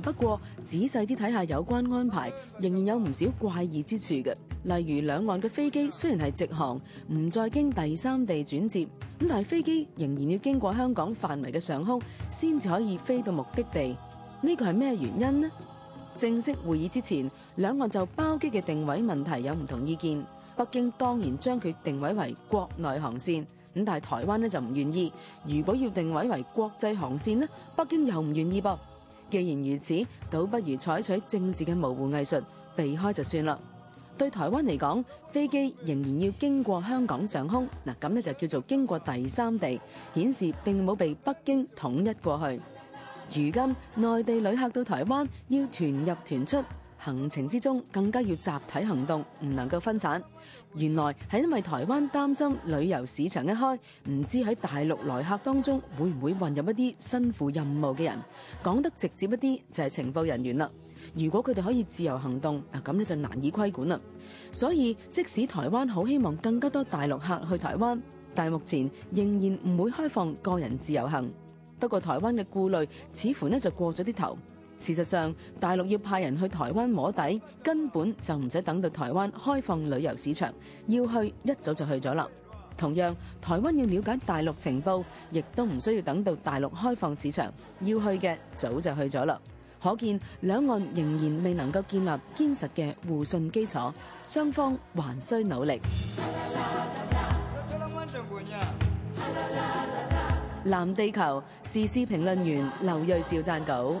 不過仔細啲睇下有關安排，仍然有唔少怪異之處嘅。例如，兩岸嘅飛機雖然係直航，唔再經第三地轉接，咁但係飛機仍然要經過香港範圍嘅上空先至可以飛到目的地。呢個係咩原因呢？正式會議之前，兩岸就包機嘅定位問題有唔同意見。北京當然將佢定位為國內航線，咁但係台灣呢就唔願意。如果要定位為國際航線呢，北京又唔願意噃。既然如此，倒不如採取政治嘅模糊藝術，避開就算啦。對台灣嚟講，飛機仍然要經過香港上空，嗱，咁咧就叫做經過第三地，顯示並冇被北京統一過去。如今，內地旅客到台灣要團入團出。行程之中更加要集體行動，唔能夠分散。原來係因為台灣擔心旅遊市場一開，唔知喺大陸來客當中會唔會混入一啲身負任務嘅人。講得直接一啲，就係情報人員啦。如果佢哋可以自由行動，嗱咁你就難以規管啦。所以即使台灣好希望更加多大陸客去台灣，但目前仍然唔會開放個人自由行。不過台灣嘅顧慮似乎呢就過咗啲頭。事實上，大陸要派人去台灣摸底，根本就唔使等到台灣開放旅遊市場，要去一早就去咗啦。同樣，台灣要了解大陸情報，亦都唔需要等到大陸開放市場，要去嘅早就去咗啦。可見兩岸仍然未能夠建立堅實嘅互信基礎，雙方還需努力。藍地球時事評論員劉銳紹撰稿。